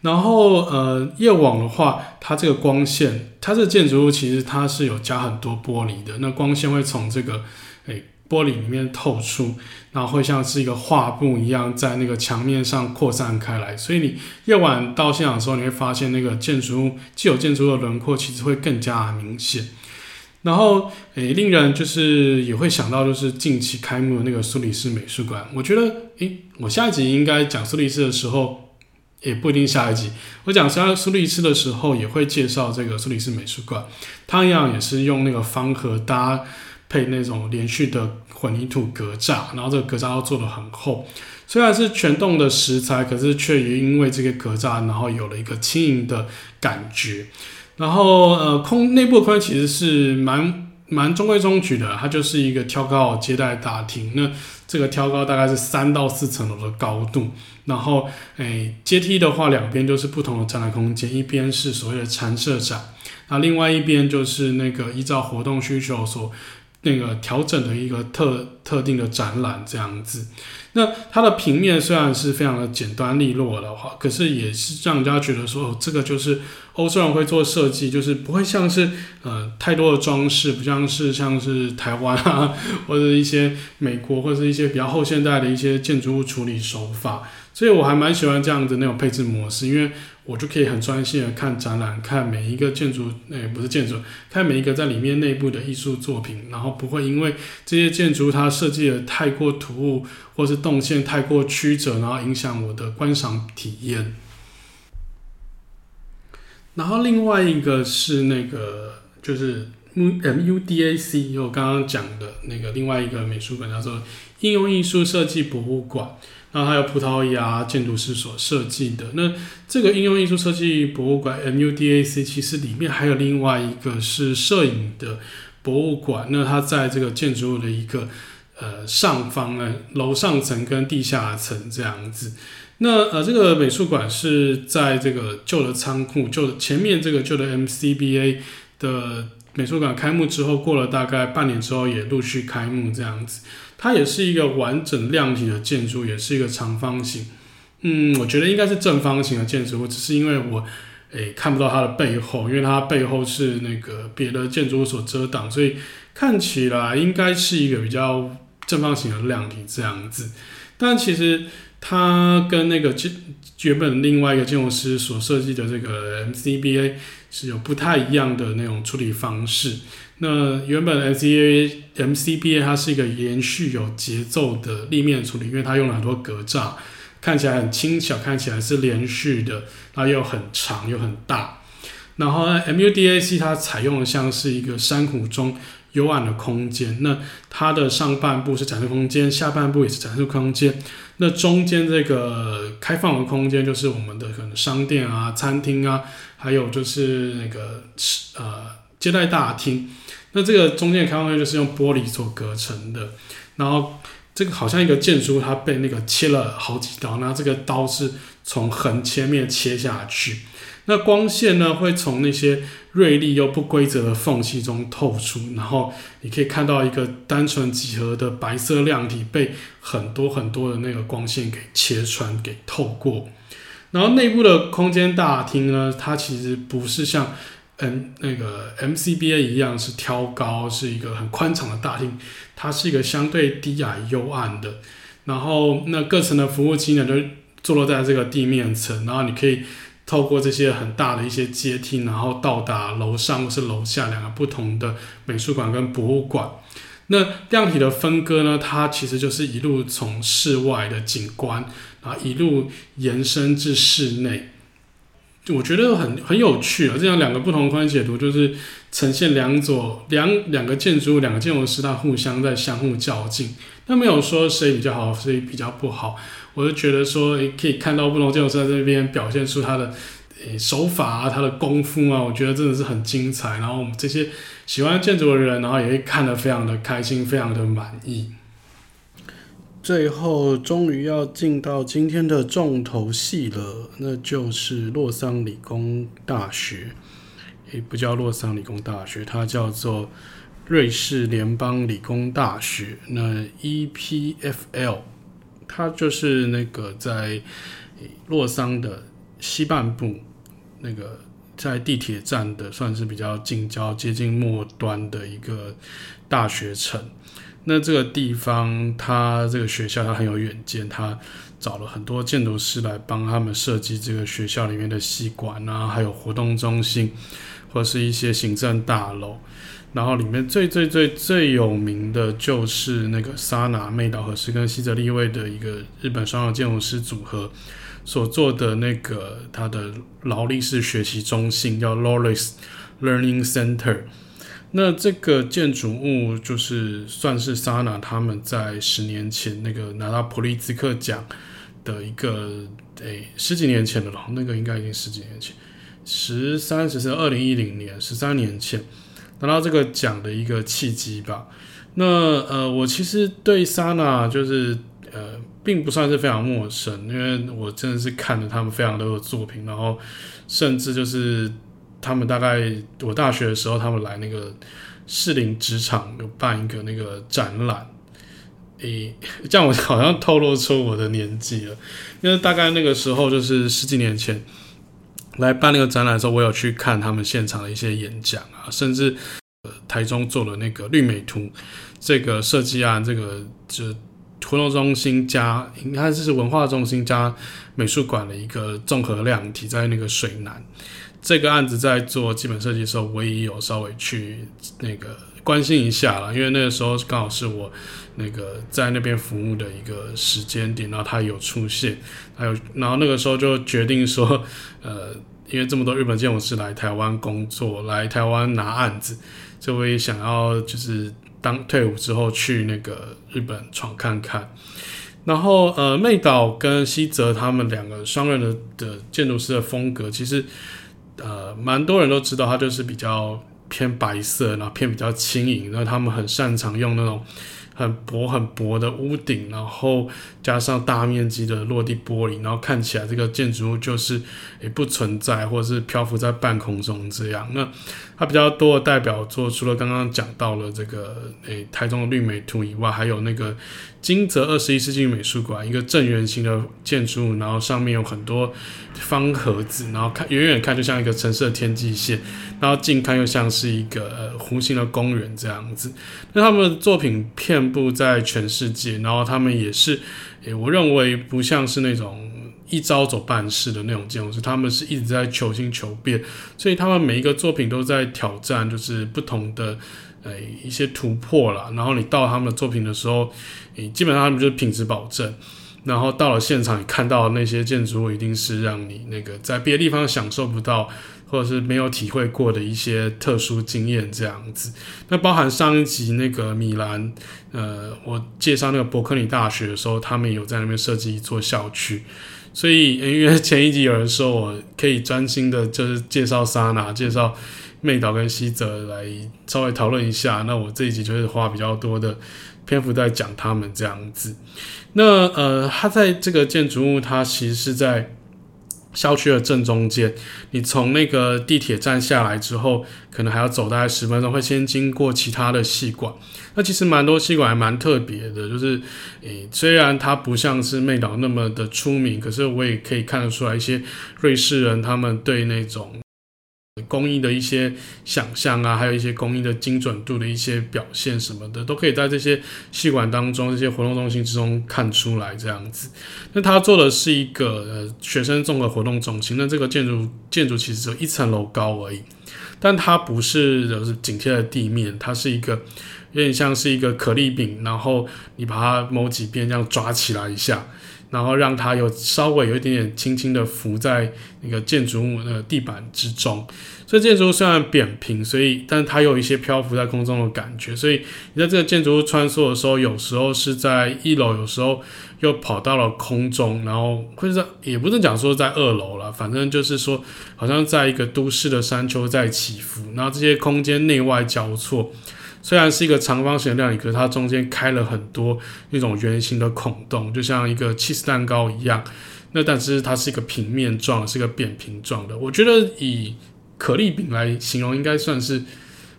然後，呃，夜晚的話，它這個光線，它這個建築物其實它是有加很多玻璃的，那光線會從這個誒、欸、玻璃裡面透出，然後會像是一個畫布一樣，在那個牆面上擴散開來。所以你夜晚到現場的時候，你會發現那個建築物既有建築物的輪廓，其實會更加明顯。然後誒、欸，令人就是也會想到，就是近期開幕的那個蘇黎世美術館。我覺得，誒、欸，我下一集應該講蘇黎世的時候。也不一定下一集。我講實際上蘇黎世的時候，也會介紹這個蘇黎世美術館。它一樣也是用那個方盒搭配那種連續的混凝土格柵，然後這個格柵要做得很厚。雖然是全棟的石材，可是卻因為這個格柵，然後有了一個輕盈的感覺。然後呃，空內部空間其實是蠻蠻中規中矩的，它就是一個挑高接待大廳。那這個挑高大概是三到四層樓的高度，然後，誒、哎、階梯的話，兩邊就是不同的展覽空間，一邊是所謂的常設展，那另外一邊就是那個依照活動需求所。那個調整的一個特特定的展覽這樣子，那它的平面雖然是非常的簡單利落的話，可是也是讓人家覺得說，哦，這個就是歐洲人會做設計，就是不會像是呃太多的裝飾，不像是像是台灣啊或者一些美國或者是一些比較後現代的一些建築物處理手法。所以，我還蠻喜歡這樣子那種配置模式，因為我就可以很專心的看展覽，看每一個建築，也、欸、不是建築，看每一個在裡面內部的藝術作品，然後不會因為這些建築它設計的太過突兀，或是動線太過曲折，然後影響我的觀賞體驗。然後，另外一個是那個，就是 M-MUDAC，我剛剛講的那個另外一個美術館叫做應用藝術設計博物館。然後還有葡萄牙啊，建築師所設計的，那這個應用藝術設計博物館 （MUDAC） 其實裡面還有另外一個是攝影的博物館，那它在這個建築物的一個呃上方呢，樓上層跟地下層這樣子。那呃這個美術館是在這個舊的倉庫，舊的前面這個舊的 MCBA 的美術館開幕之後，過了大概半年之後也陸續開幕這樣子。它也是一個完整量體的建築，也是一個長方形。嗯，我覺得應該是正方形的建築物，只是因為我誒、欸、看不到它的背後，因為它背後是那個別的建築物所遮擋，所以看起來應該是一個比較正方形的量體這樣子。但其實它跟那個原本另外一個建築師所設計的這個 MCBA 是有不太一樣的那種處理方式。那原本 S E A M C B A 它是一個連續有節奏的立面處理，因為它用了很多格柵，看起來很輕巧，看起來是連續的，然後又很長又很大。然後呢，M U D A C 它採用的像是一個山谷中幽暗的空間，那它的上半部是展示空間，下半部也是展示空間，那中間這個開放的空間就是我們的可能商店啊、餐廳啊，還有就是那個呃。接待大廳，那這個中間的開放就是用玻璃做隔成的，然後這個好像一個建築它被那個切了好幾刀，那這個刀是從橫切面切下去，那光線呢會從那些銳利又不規則的縫隙中透出，然後你可以看到一個單純幾何的白色亮體被很多很多的那個光線給切穿、給透過，然後內部的空間大廳呢，它其實不是像。嗯，那個 MCBA 一樣是挑高，是一個很寬敞的大廳。它是一個相對低矮幽暗的，然後那各層的服務區呢，就坐落在這個地面層。然後你可以透過這些很大的一些階梯，然後到達樓上或是樓下兩個不同的美術館跟博物館。那量體的分割呢，它其實就是一路從室外的景觀，然後一路延伸至室內。我覺得很很有趣啊！這樣兩個不同的觀點解讀，就是呈現兩種兩兩個建築物、兩個建築師，他互相在相互較勁，他沒有說誰比較好，誰比較不好。我就覺得說，誒可以看到不同建築師在這邊表現出他的誒手法啊、他的功夫啊，我覺得真的是很精彩。然後我們這些喜歡建築的人，然後也會看得非常的開心，非常的滿意。最後，終於要進到今天的重頭戲了，那就是洛桑理工大學，也不叫洛桑理工大學，它叫做瑞士聯邦理工大學。那 EPFL，它就是那個在洛桑的西半部，那個在地鐵站的，算是比較近郊，接近末端的一個大學城。那這個地方，他這個學校，他很有遠見，他找了很多建築師來幫他們設計這個學校裡面的系館啊，還有活動中心，或是一些行政大樓。然後裡面最最最最有名的就是那個沙拿妹島和世跟西澤立衛的一個日本雙料建築師組合所做的那個他的勞力士學習中心，叫勞力士 Learning Center。那這個建築物就是算是 SANAA 他們在十年前那個拿到普利茲克獎的一個誒、欸、十幾年前的咯，那個應該已經十幾年前，十三十四二零一零年十三年前拿到這個獎的一個契機吧。那呃，我其實對 SANAA 就是呃，並不算是非常陌生，因為我真的是看了他們非常多的有作品，然後甚至就是。他們大概我大學的時候，他們來那個適齡職場有辦一個那個展覽，誒、欸，這樣我好像透露出我的年紀了，因為大概那個時候就是十幾年前來辦那個展覽的時候，我有去看他們現場的一些演講啊，甚至、呃、台中做的那個綠美圖這個設計案，這個就是活動中心加應該是文化中心加美術館的一個綜合量體，在那個水湳。這個案子在做基本設計的時候，我也有稍微去那個關心一下了，因為那個時候剛好是我那個在那邊服務的一個時間點，然後他有出現，還有然後那個時候就決定說，呃，因為這麼多日本建築師來台灣工作，來台灣拿案子，所以我也想要就是當退伍之後去那個日本闖看看，然後呃，妹島跟西澤他們兩個雙人的的建築師的風格其實。呃，蠻多人都知道，它就是比較偏白色，然後偏比較輕盈，然後他們很擅長用那種很薄、很薄的屋頂，然後。加上大面積的落地玻璃，然後看起來這個建築物就是也、欸、不存在，或者是漂浮在半空中這樣。那它比較多的代表作，除了剛剛講到了這個誒、欸、台中的綠美圖以外，還有那個金澤二十一世紀美術館，一個正圓形的建築物，然後上面有很多方盒子，然後看遠遠看就像一個城市的天際線，然後近看又像是一個、呃、弧形的公園這樣子。那他們的作品遍佈在全世界，然後他們也是，誒、欸，我認為不像是那種一招走半世的那種建築師，是他們是一直在求新求變，所以他們每一個作品都在挑戰，就是不同的誒、欸、一些突破啦。然後你到他們的作品的時候，你基本上他們就是品質保證。然後到了現場，你看到的那些建築物，一定是讓你那個在別的地方享受不到。或者是沒有體會過的一些特殊經驗，這樣子。那包含上一集那個米蘭，呃，我介紹那個博科尼大學的時候，他們有在那邊設計一座校區。所以、欸、因為前一集有人說我可以專心的，就是介紹 SANAA，介紹妹島跟西澤來稍微討論一下。那我這一集就是花比較多的篇幅在講他們這樣子。那呃，他在這個建築物，它其實是在。校區的正中間，你從那個地鐵站下來之後，可能還要走大概十分鐘，會先經過其他的系館。那其實蠻多系館還蠻特別的，就是，誒、欸，雖然它不像是妹島那麼的出名，可是我也可以看得出來一些瑞士人他們對那種。工藝的一些想象啊，還有一些工藝的精準度的一些表現什麼的，都可以在這些細管當中、這些活動中心之中看出來。這樣子，那他做的是一個、呃、學生綜合活動中心。那這個建築建築其實只有一層樓高而已，但它不是就是緊貼在地面，它是一個有點像是一個可麗餅，然後你把它某幾邊這樣抓起來一下。然後讓它有稍微有一點點輕輕的浮在那個建築物那個地板之中，所以建築物雖然扁平，所以但是它有一些漂浮在空中的感覺。所以你在這個建築物穿梭的時候，有時候是在一樓，有時候又跑到了空中，然後或者也不是講說是在二樓了，反正就是說好像在一個都市的山丘在起伏，然後這些空間內外交錯。雖然是一個長方形的料理，可是它中間開了很多那種圓形的孔洞，就像一個起司蛋糕一樣。那但是它是一個平面狀，是一個扁平狀的。我覺得以可麗餅來形容，應該算是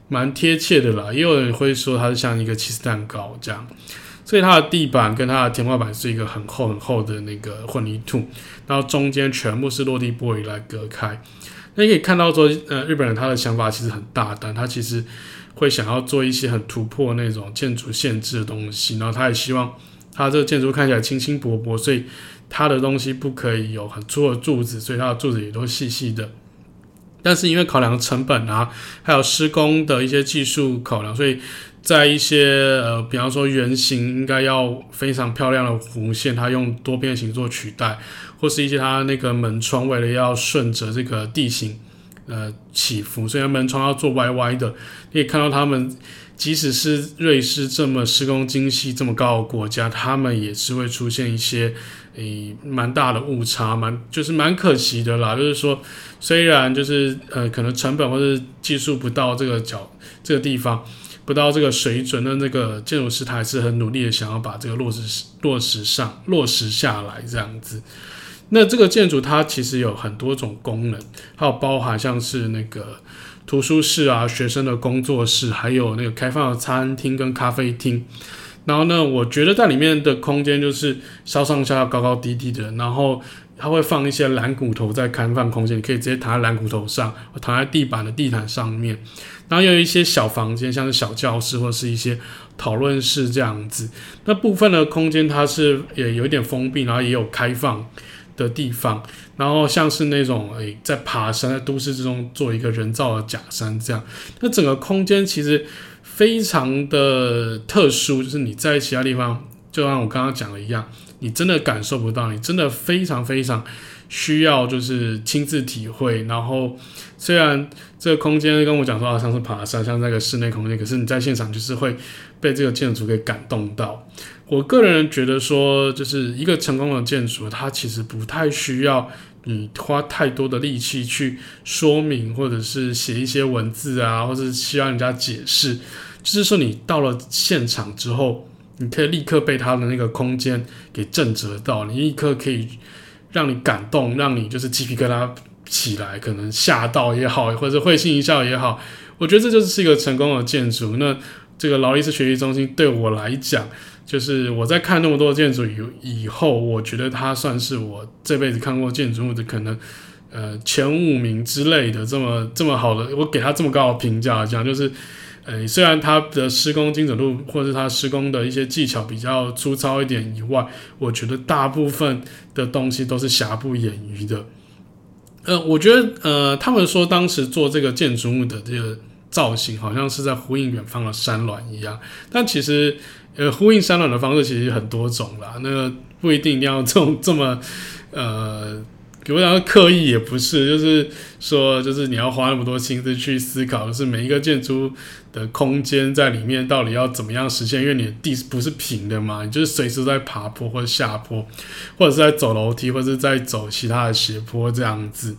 蠻貼切的啦。也有人會說它是像一個起司蛋糕這樣。所以它的地板跟它的天花板是一個很厚很厚的那個混凝土，然後中間全部是落地玻璃來隔開。那你可以看到說，呃，日本人他的想法其實很大膽，他其實。會想要做一些很突破那種建築限制的東西，然後他也希望他這個建築看起來輕輕薄薄，所以他的東西不可以有很粗的柱子，所以他的柱子也都細細的。但是因為考量成本啊，還有施工的一些技術考量，所以在一些呃，比方說圓形應該要非常漂亮的弧線，他用多邊形做取代，或是一些他那個門窗為了要順着這個地形。呃，起伏，所以他門窗要做歪歪的。你也看到，他們即使是瑞士這麼施工精細、這麼高的國家，他們也是會出現一些誒、呃、蠻大的誤差，蠻就是蠻可惜的啦。就是說，雖然就是呃，可能成本或者是技術不到這個角這個地方，不到這個水準，那那個建築師他還是很努力的，想要把這個落實落實上落實下來這樣子。那這個建築它其實有很多種功能，還有包含像是那個圖書室啊、學生的工作室，還有那個開放的餐廳跟咖啡廳。然後呢，我覺得在裡面的空間就是稍上下、高高低低的，然後它會放一些懶骨頭在開放空間，你可以直接躺在懶骨頭上，或躺在地板的地毯上面。然後有一些小房間，像是小教室或是一些討論室這樣子。那部分的空間它是也有一點封閉，然後也有開放的地方，然後像是那種誒、欸，在爬山，在都市之中做一個人造的假山這樣，那整個空間其實非常的特殊，就是你在其他地方，就像我剛剛講的一樣，你真的感受不到，你真的非常非常需要就是親自體會。然後雖然這個空間跟我講說好像是爬山，像那個室內空間，可是你在現場就是會被這個建築給感動到。我個人覺得說，就是一個成功的建築，它其實不太需要你花太多的力氣去說明，或者是寫一些文字啊，或者是需要人家解釋。就是說，你到了現場之後，你可以立刻被它的那個空間給震懾到，你立刻可以讓你感動，讓你就是雞皮疙瘩起來，可能嚇到也好，或者是會心一笑也好。我覺得這就是一個成功的建築。那這個勞力士學習中心對我來講。就是我在看那麼多建築以以後，我覺得它算是我這輩子看過建築物的可能，呃，前五名之類的，這麼這麼好的，我給它這麼高的評價。這樣就是，呃，雖然它的施工精準度或者是它施工的一些技巧比較粗糙一點以外，我覺得大部分的東西都是瑕不掩瑜的。呃，我覺得，呃，他們說當時做這個建築物的這個造型好像是在呼應遠方的山巒一樣，但其實。呃，呼應山巒的方式其實很多種啦。那個、不一定一定要這麼這麼，呃，有點刻意也不是。就是說，就是你要花那麼多心思去思考，就是每一個建築的空間在裡面到底要怎麼樣實現？因為你的地不是平的嘛，你就是隨時在爬坡或下坡，或者是在走樓梯，或者是在走其他的斜坡這樣子。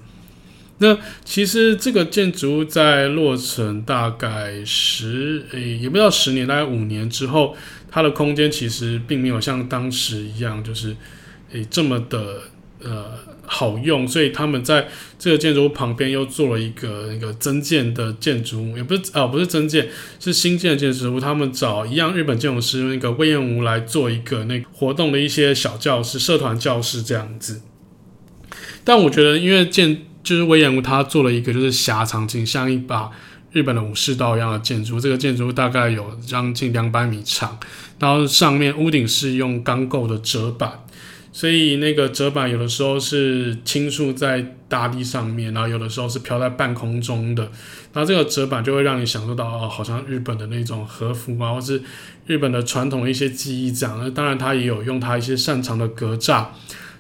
那其實這個建築在落成大概十誒、欸，也不知道十年，大概五年之後。它的空間其實並沒有像當時一樣，就是誒這麼的呃好用，所以他們在這個建築物旁邊又做了一個那個增建的建築物，也不是啊、呃，不是增建，是新建的建築物。他們找一樣日本建築師用那個隈研吾來做一個那個活動的一些小教室、社團教室這樣子。但我覺得，因為建就是隈研吾，他做了一個就是狹長型，像一把。日本的武士道一樣的建築，這個建築大概有將近兩百米長，然後上面屋頂是用鋼構的折板，所以那個折板有的時候是傾覆在大地上面，然後有的時候是飄在半空中的，然後這個折板就會讓你享受到、哦、好像日本的那種和服啊，或是日本的傳統的一些技藝這樣。那當然，他也有用他一些擅長的格柵。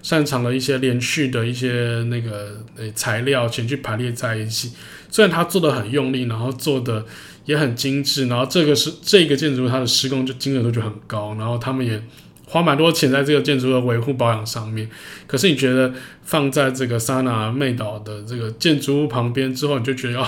擅長了一些連續的一些那個誒材料前去排列在一起，雖然他做的很用力，然後做的也很精致，然後這個是這個建築物它的施工就精準度就很高，然後他們也花蠻多錢在這個建築物的維護保養上面。可是你覺得放在這個 SANAA 妹島的這個建築物旁邊之後，你就覺得哦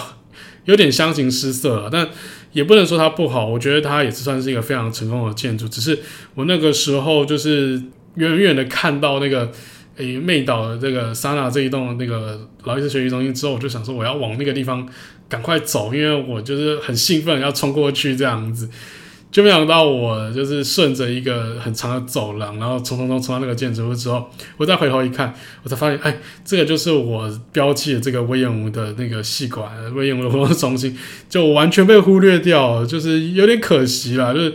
有點相形失色了。但也不能說它不好，我覺得它也是算是一個非常成功的建築。只是我那個時候就是。遠遠的看到那個誒，妹，欸，島的這個 SANAA 這一棟那個勞力士學習中心之後，我就想說我要往那個地方趕快走，因為我就是很興奮要衝過去這樣子，就沒想到我就是順着一個很長的走廊，然後衝衝衝衝到那個建築物之後，我再回頭一看，我才發現哎，欸，這個就是我標記的這個隈研吾的那個細管隈研吾的活動中心，就完全被忽略掉了，就是有點可惜了，就是。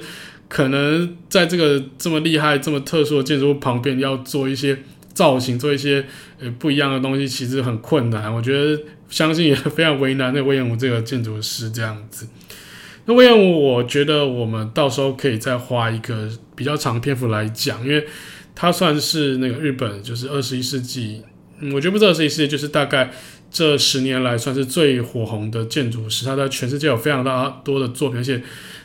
可能在這個這麼厲害、這麼特殊的建築旁邊，要做一些造型，做一些呃不一樣的東西，其實很困難。我覺得，相信也非常為難那隈研吾這個建築師這樣子。那隈研吾，我覺得我們到時候可以再花一個比較長篇幅來講，因為他算是那個日本，就是二十一世紀，我覺得不是二十一世紀，就是大概這十年來算是最火紅的建築師，他在全世界有非常大多的作品，而且。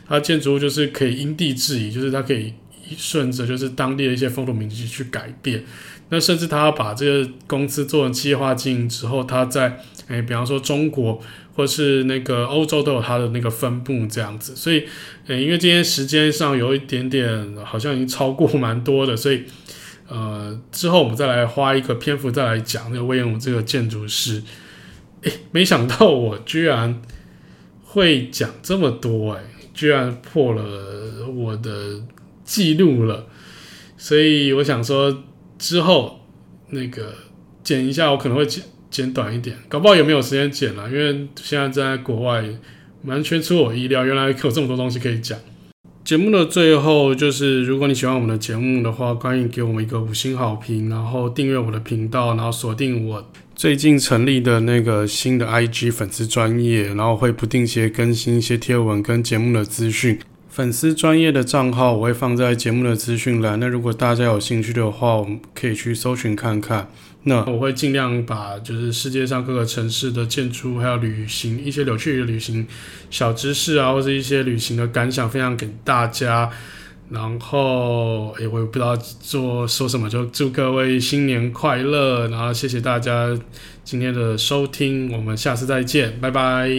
他建築物就是可以因地制宜，就是他可以順着就是當地的一些風土民情去改變。那甚至他把這個公司做成企業化經營之後，他在誒、欸，比方說中國或是那個歐洲都有他的那個分部這樣子。所以，欸、因為今天時間上有一點點好像已經超過蠻多的，所以呃，之後我們再來花一個篇幅再來講那個威廉姆這個建築師。誒、欸，沒想到我居然會講這麼多、欸，哎。居然破了我的記錄了，所以我想說之後那個剪一下，我可能會剪剪短一點，搞不好也沒有時間剪了，因為現在在國外，完全出我意料，原來有這麼多東西可以講。 [music] 節目的最後就是，如果你喜歡我們的節目的話，歡迎給我們一個五星好評，然後訂閱我的頻道，然後鎖定我。最近成立的那個新的 IG 粉絲專頁，然後會不定期更新一些貼文跟節目的資訊。粉絲專頁的賬號我會放在節目的資訊欄。那如果大家有興趣的話，我們可以去搜尋看看。那我會盡量把就是世界上各個城市的建築，還有旅行一些有趣的旅行小知識啊，或者一些旅行的感想分享給大家。然後，誒，我也不知道做說什麼，就祝各位新年快樂。然後謝謝大家今天的收聽，我們下次再見，拜拜。